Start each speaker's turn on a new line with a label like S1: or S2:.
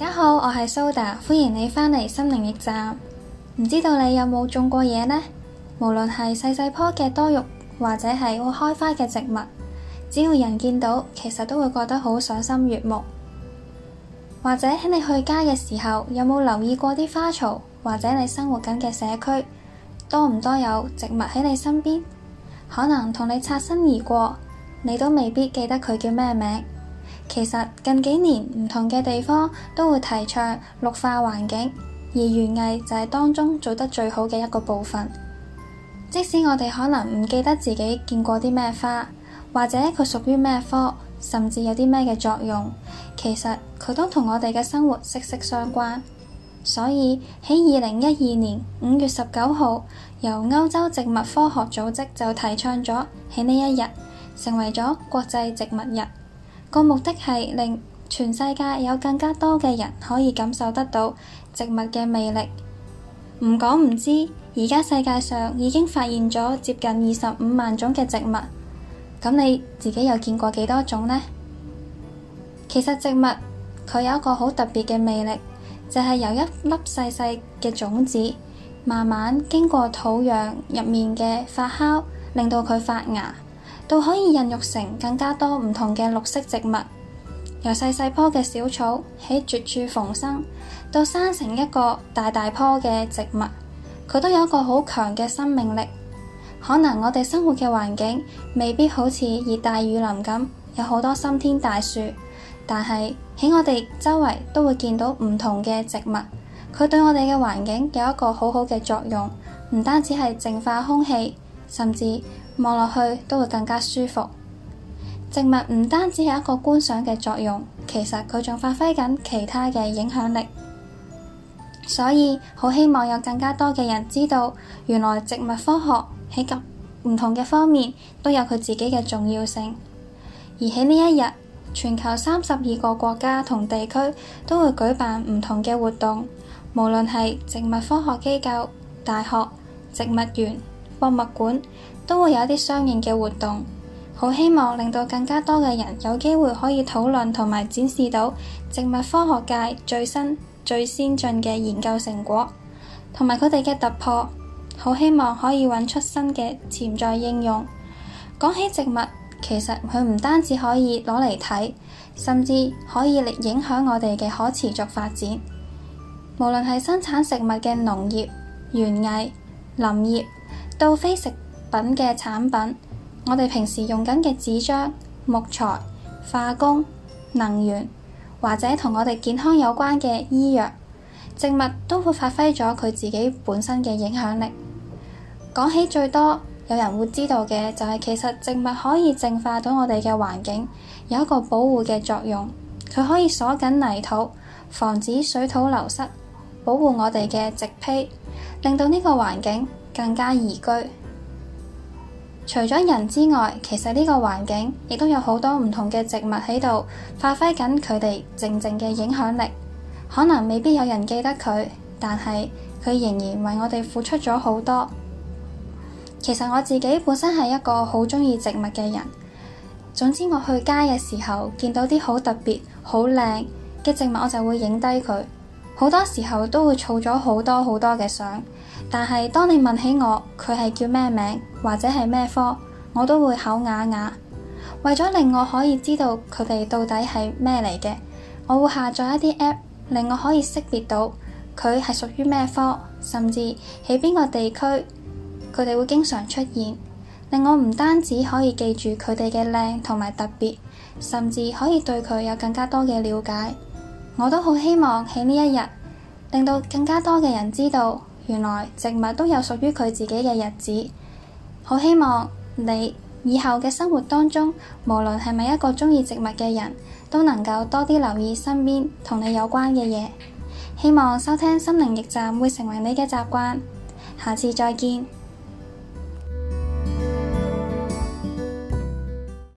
S1: 大家好，我係 Soda，歡迎你返嚟心靈驛站。唔知道你有冇種過嘢呢？無論係細細棵嘅多肉，或者係會開花嘅植物，只要人見到，其實都會覺得好賞心悅目。或者喺你去街嘅時候，有冇留意過啲花草？或者你生活緊嘅社區多唔多有植物喺你身邊？可能同你擦身而過，你都未必記得佢叫咩名。其實近幾年唔同嘅地方都會提倡綠化環境，而園藝就係當中做得最好嘅一個部分。即使我哋可能唔記得自己見過啲咩花，或者佢屬於咩科，甚至有啲咩嘅作用，其實佢都同我哋嘅生活息息相關。所以喺二零一二年五月十九號，由歐洲植物科學組織就提倡咗，喺呢一日成為咗國際植物日。個目的係令全世界有更加多嘅人可以感受得到植物嘅魅力。唔講唔知，而家世界上已經發現咗接近二十五萬種嘅植物。咁你自己又見過幾多種呢？其實植物佢有一個好特別嘅魅力，就係由一粒細細嘅種子，慢慢經過土壤入面嘅發酵，令到佢發芽。到可以孕育成更加多唔同嘅綠色植物，由細細棵嘅小草喺絕處逢生，到生成一個大大棵嘅植物，佢都有一個好強嘅生命力。可能我哋生活嘅環境未必好似熱帶雨林咁，有好多參天大樹，但係喺我哋周圍都會見到唔同嘅植物，佢對我哋嘅環境有一個好好嘅作用，唔單止係淨化空氣。甚至望落去都會更加舒服。植物唔單止係一個觀賞嘅作用，其實佢仲發揮緊其他嘅影響力。所以好希望有更加多嘅人知道，原來植物科學喺咁唔同嘅方面都有佢自己嘅重要性。而喺呢一日，全球三十二個國家同地區都會舉辦唔同嘅活動，無論係植物科學機構、大學、植物園。博物館都會有一啲相應嘅活動，好希望令到更加多嘅人有機會可以討論同埋展示到植物科學界最新最先進嘅研究成果，同埋佢哋嘅突破。好希望可以揾出新嘅潛在應用。講起植物，其實佢唔單止可以攞嚟睇，甚至可以嚟影響我哋嘅可持續發展。無論係生產食物嘅農業、園藝、林業，到非食品嘅產品，我哋平時用緊嘅紙張、木材、化工、能源，或者同我哋健康有關嘅醫藥、植物，都會發揮咗佢自己本身嘅影響力。講起最多，有人會知道嘅就係，其實植物可以淨化到我哋嘅環境，有一個保護嘅作用。佢可以鎖緊泥土，防止水土流失，保護我哋嘅植被，令到呢個環境更加宜居。除咗人之外，其實呢個環境亦都有好多唔同嘅植物喺度，發揮緊佢哋靜靜嘅影響力。可能未必有人記得佢，但係佢仍然為我哋付出咗好多。其實我自己本身係一個好鍾意植物嘅人。總之我去街嘅時候，見到啲好特別、好靚嘅植物，我就會影低佢。好多時候都會儲咗好多好多嘅相，但係當你問起我，佢係叫咩名或者係咩科，我都會口啞啞。為咗令我可以知道佢哋到底係咩嚟嘅，我會下載一啲 app 令我可以識別到佢係屬於咩科，甚至喺邊個地區佢哋會經常出現，令我唔單止可以記住佢哋嘅靚同埋特別，甚至可以對佢有更加多嘅了解。我都好希望喺呢一日，令到更加多嘅人知道，原來植物都有屬於佢自己嘅日子。好希望你以後嘅生活當中，無論係咪一個鍾意植物嘅人，都能夠多啲留意身邊同你有關嘅嘢。希望收聽心靈驛站會成為你嘅習慣。下次再見。